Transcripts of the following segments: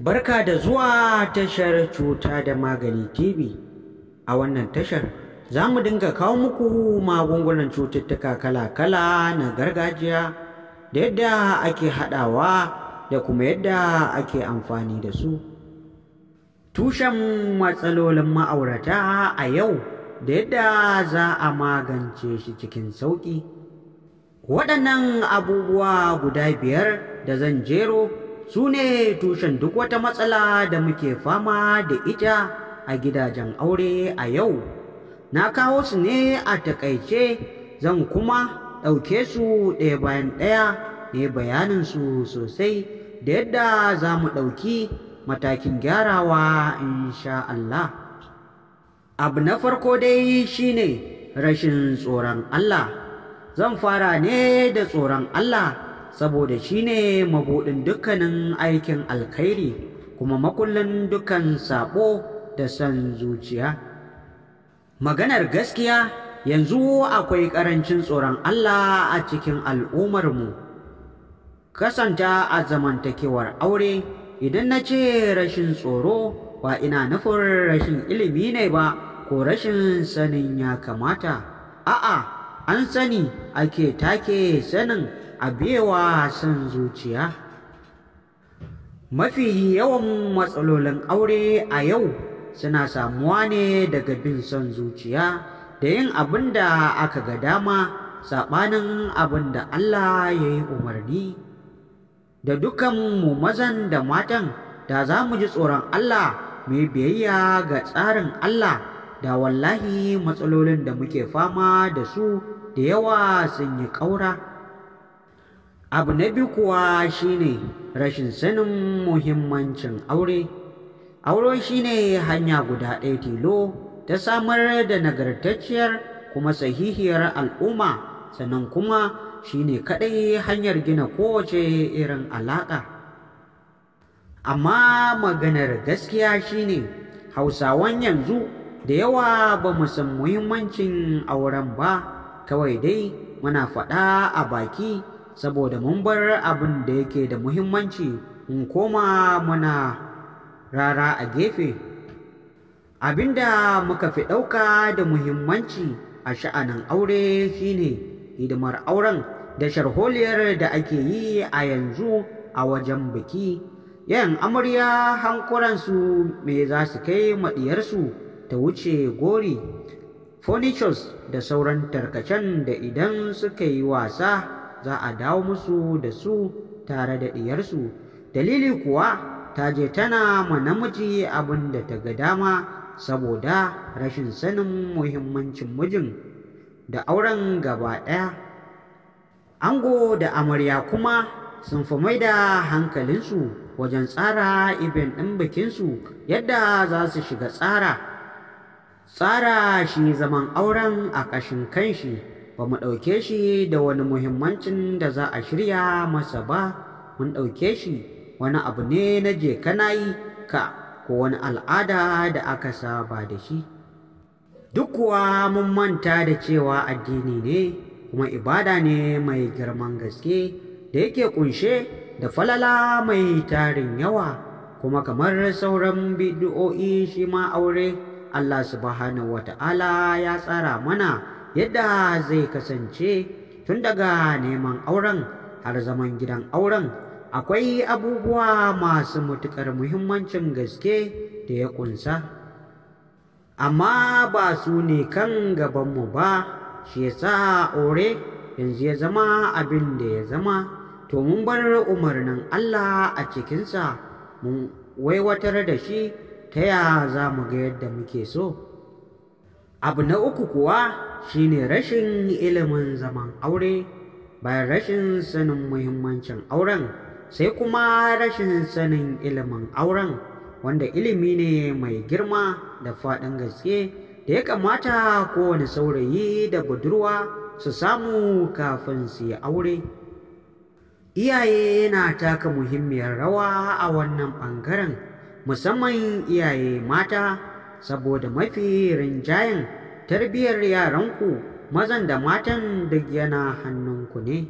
Barka da zuwa tashar cuta da magani TV. A wannan tashar za mu dinga kawo muku magungunan cututtuka kala-kala na gargajiya da yadda ake haɗawa da kuma yadda ake amfani da su. Tushen matsalolin ma'aurata a yau da yadda za a magance shi cikin sauƙi. Waɗannan abubuwa guda biyar da zan jero su ne tushen duk wata matsala da muke fama da ita a gidajen aure a yau na kawo su ne a takaice zan kuma ɗauke su ɗaya bayan ɗaya ne bayanin su sosai da yadda za mu ɗauki matakin gyarawa insha Allah abu na farko dai shine rashin tsoron Allah zan fara ne da tsoron Allah saboda shi ne mabuɗin dukkanin aikin alkhairi kuma makullin dukkan sabo da san zuciya maganar gaskiya yanzu akwai ƙarancin tsoron Allah a cikin al'ummarmu kasanta a zamantakewar aure idan na ce rashin tsoro ba ina nufin rashin ilimi ne ba ko rashin sanin ya kamata a'a an sani ake take sanin abewa son zuciya mafi yawan matsalolin aure a yau suna samuwa ne daga bin son zuciya da yin abin da aka ga dama saɓanin abin da Allah ya yi umarni da dukan mu mazan da matan da za mu ji tsoron Allah mai biyayya ga tsarin Allah da wallahi matsalolin da muke fama da su da yawa sun yi ƙaura. abu na biyu kuwa shine rashin sanin muhimmancin aure aure shine hanya guda ɗaya tilo ta samar da nagartacciyar kuma sahihiyar al'umma sannan kuma shine kaɗai hanyar gina kowace irin alaƙa amma maganar gaskiya shine hausawan yanzu da yawa ba mu san muhimmancin auren ba kawai dai muna faɗa a baki saboda mun bar abin da yake da muhimmanci mun koma muna rara a gefe abinda muka fi ɗauka da muhimmanci a sha'anin aure shine hidimar auren da sharholiyar da ake yi a yanzu a wajen biki yan amarya hankuransu me za su kai maɗiyarsu ta wuce gori furnitures da sauran tarkacen da idan suka yi wasa za a dawo musu da su tare da ɗiyarsu dalili kuwa ta je tana ma namiji abin da ta ga dama saboda rashin sanin muhimmancin mijin da auren gaba ɗaya ango da amarya kuma sun fi mai da hankalinsu wajen tsara ibin ɗin bikinsu yadda za su shiga tsara tsara shi zaman auren a ƙashin kanshi ba mu ɗauke shi da wani muhimmancin da za a shirya masa ba mun ɗauke shi wani abu ne na je kanayi ka ko wani al'ada da aka saba da shi duk kuwa mun manta da cewa addini ne kuma ibada ne mai girman gaske da yake ƙunshe da falala mai tarin yawa kuma kamar sauran bidiyo'i shi ma aure Allah subhanahu ta'ala ya tsara mana yadda zai kasance tun daga neman auren har zaman gidan auren akwai abubuwa masu matuƙar muhimmancin gaske da ya ƙunsa amma ba su ne kan gabanmu ba shi yasa ore, yanzu ya zama abin da ya zama to mun bar umarnin Allah a cikinsa mun waiwatar da shi ta ya za mu ga yadda muke so abu na uku kuwa shine rashin ilimin zaman aure bayan rashin sanin muhimmancin auren sai kuma rashin sanin ilimin auren wanda ilimi ne mai girma da faɗin gaske da ya kamata kowane saurayi da budurwa su samu kafin su yi aure iyaye na taka muhimmiyar rawa a wannan ɓangaren musamman iyaye mata saboda mafi rinjayen tarbiyyar yaranku mazan da matan duk yana hannunku ne.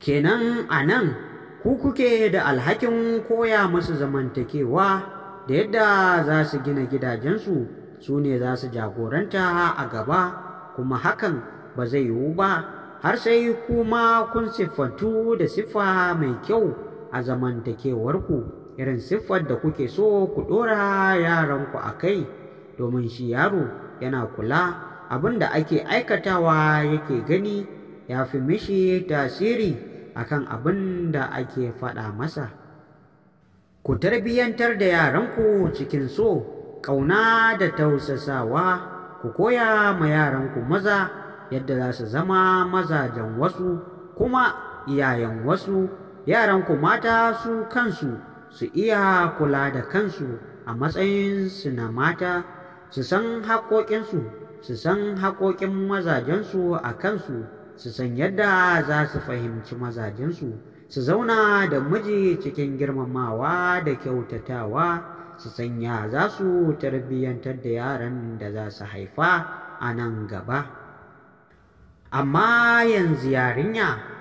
Kenan a nan ku kuke da alhakin koya musu zamantakewa da yadda za su gina gidajensu su ne za su jagoranta a gaba kuma hakan ba zai yiwu ba har sai kuma kun siffantu da siffa mai kyau a zamantakewarku. irin siffar da kuke so ku ɗora yaranku a kai domin shi yaro yana kula abin da ake aikatawa yake gani ya fi mishi tasiri akan abin da ake faɗa masa ku tarbiyyantar da yaranku cikin so ƙauna da tausasawa ku koya ma yaranku maza yadda za su zama mazajen wasu kuma iyayen wasu yaranku mata su kansu su iya kula da kansu a matsayinsu na mata su san haƙoƙinsu su san haƙoƙin mazajensu a kansu su san yadda za su fahimci mazajensu su zauna da miji cikin girmamawa da kyautatawa su sanya za su tarbiyyantar da yaran da za su haifa a nan gaba amma yanzu yarinya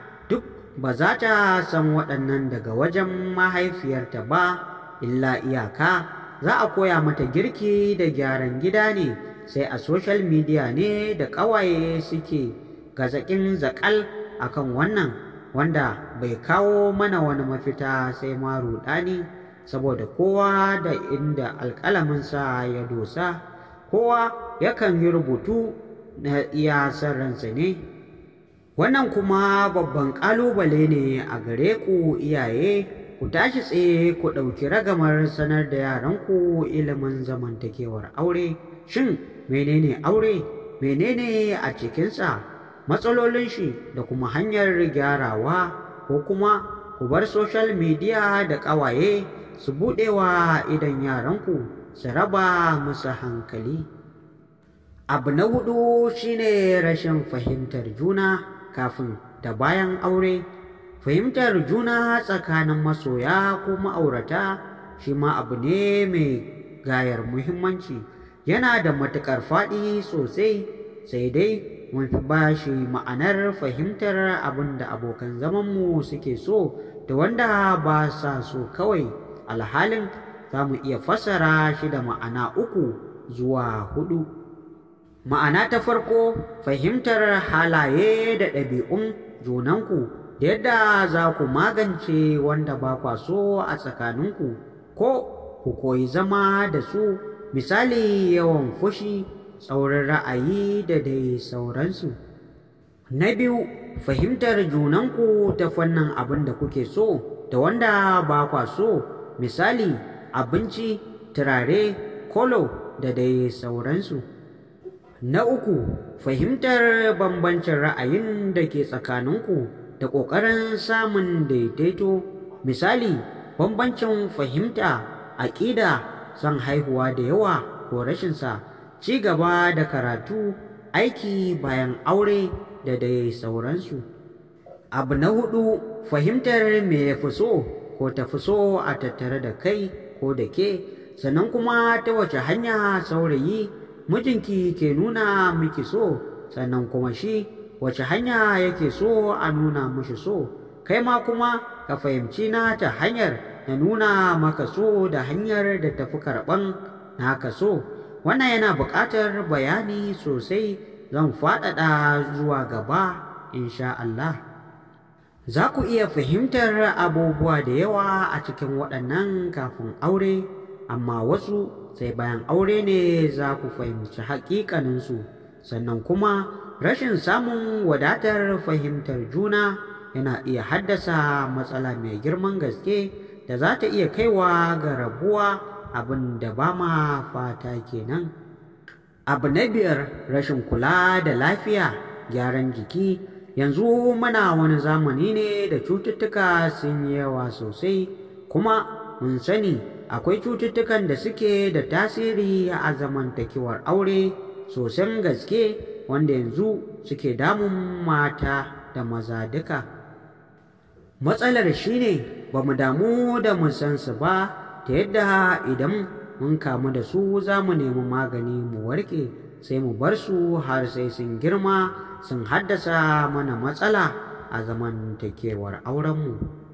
ba za ta san waɗannan daga wajen mahaifiyarta ba illa iyaka za a koya mata girki da gyaran gida ne sai a social media ne da ƙawaye suke gazaƙin zaƙal a kan wannan wanda bai kawo mana wani mafita sai ma ruɗani saboda kowa da inda alƙalaminsa ya dosa kowa yakan yi rubutu na iya ransa ne wannan kuma babban ƙalubale ne a gare ku iyaye ku tashi tsaye ku ɗauki ragamar sanar da yaranku ilimin zamantakewar aure shin menene aure menene a cikinsa matsalolin shi da kuma hanyar gyarawa ko kuma ku bar social media da ƙawaye su buɗewa idan yaranku su raba musu hankali abu na hudu shine rashin fahimtar juna kafin da bayan aure fahimtar juna tsakanin masoya ko ma'aurata shi ma abu ne mai gayar muhimmanci yana da matuƙar faɗi sosai sai dai mun fi ba shi ma'anar fahimtar abin da abokan zamanmu suke so da wanda ba sa so kawai alhalin za mu iya fassara shi da ma'ana uku zuwa hudu. Ma'ana ta farko fahimtar halaye da ɗabi'un junanku da yadda za ku magance wanda ba kwa so a tsakaninku ko ku koyi zama da su misali yawan fushi tsaurin ra'ayi da dai sauransu. Na biyu fahimtar junanku ta fannin abin da kuke so da wanda ba kwa so misali abinci, turare, kolo da dai sauransu. Na uku, fahimtar bambancin ra'ayin da ke tsakaninku da ƙoƙarin samun daidaito, misali, bambancin fahimta, aƙida, son haihuwa da yawa ko rashinsa, ci gaba da karatu, aiki bayan aure da dai sauransu. Abu na hudu, fahimtar me ya fi so ko ta fi so a tattare da kai ko da ke, sannan kuma ta wace hanya saurayi mijinki ke nuna miki so sannan kuma shi wace hanya yake so a nuna mishi so kai ma kuma ka fahimci na ta hanyar na nuna maka so da hanyar da tafi karɓan naka so wannan yana buƙatar bayani sosai zan faɗaɗa zuwa gaba insha Allah za ku iya fahimtar abubuwa da yawa a cikin waɗannan kafin aure amma wasu sai bayan aure ne za ku fahimci haƙiƙaninsu sannan kuma rashin samun wadatar fahimtar juna yana iya haddasa matsala mai girman gaske da za ta iya kaiwa ga rabuwa abin da ba ma fata kenan abu na biyar rashin kula da lafiya gyaran jiki yanzu muna wani zamani ne da cututtuka sun yawa sosai kuma mun sani akwai cututtukan da suke da tasiri a zamantakewar aure sosan gaske wanda yanzu suke damun mata da maza duka matsalar shine ba mu damu da mu san su ba ta yadda idan mun kamu da su za mu nemi magani mu warke sai mu bar su har sai sun girma sun haddasa mana matsala a zamantakewar aurenmu.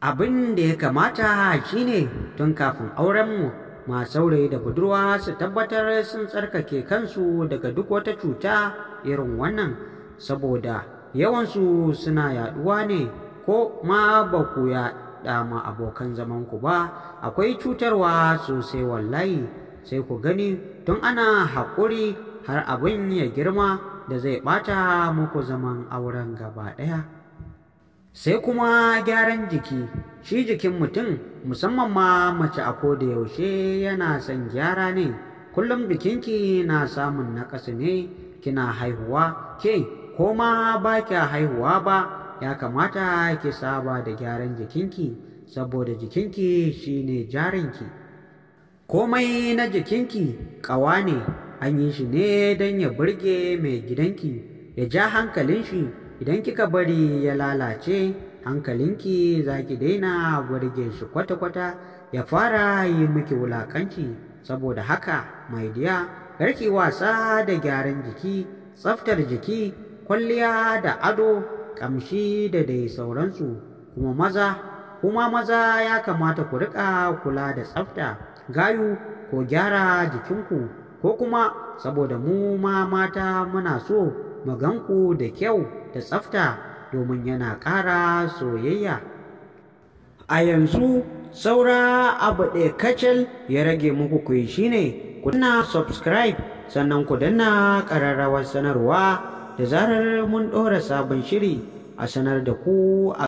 abin da ya kamata shine tun kafin aurenmu masu saurayi da budurwa su tabbatar sun tsarkake kansu daga duk wata cuta irin wannan saboda yawansu suna yaɗuwa ne ko ma ba ku yaɗa ma abokan zamanku ba akwai cutarwa sosai wallahi sai ku gani tun ana haƙuri har abin ya girma da zai ɓata muku zaman auren gaba ɗaya. sai kuma gyaran jiki shi jikin mutum musamman ma mace a koda yaushe yana son gyara ne kullum bikinki na samun naƙasa ne kina haihuwa ke ko ma ba kya haihuwa ba ya kamata ki saba da gyaran jikinki saboda jikinki shine jarinki komai na jikinki ƙawa ne an yi shi ne don ya burge mai gidanki ya ja hankalin shi idan kika bari ya lalace hankalinki za ki daina burge shi kwata-kwata ya fara yi miki wulaƙanci, saboda haka mai diya garki wasa da gyaran jiki tsaftar jiki kwalliya da ado kamshi da dai sauransu kuma maza kuma maza ya kamata ku riƙa kula da tsafta gayu ko gyara jikinku ko kuma saboda mu ma mata muna so mu ganku da kyau da tsafta domin yana ƙara soyayya. A yanzu saura abu ɗaya kacal ya rage muku kuyi shine ku subscribe sannan ku danna ƙararrawar sanarwa da zarar mun ɗora sabon shiri a sanar da ku a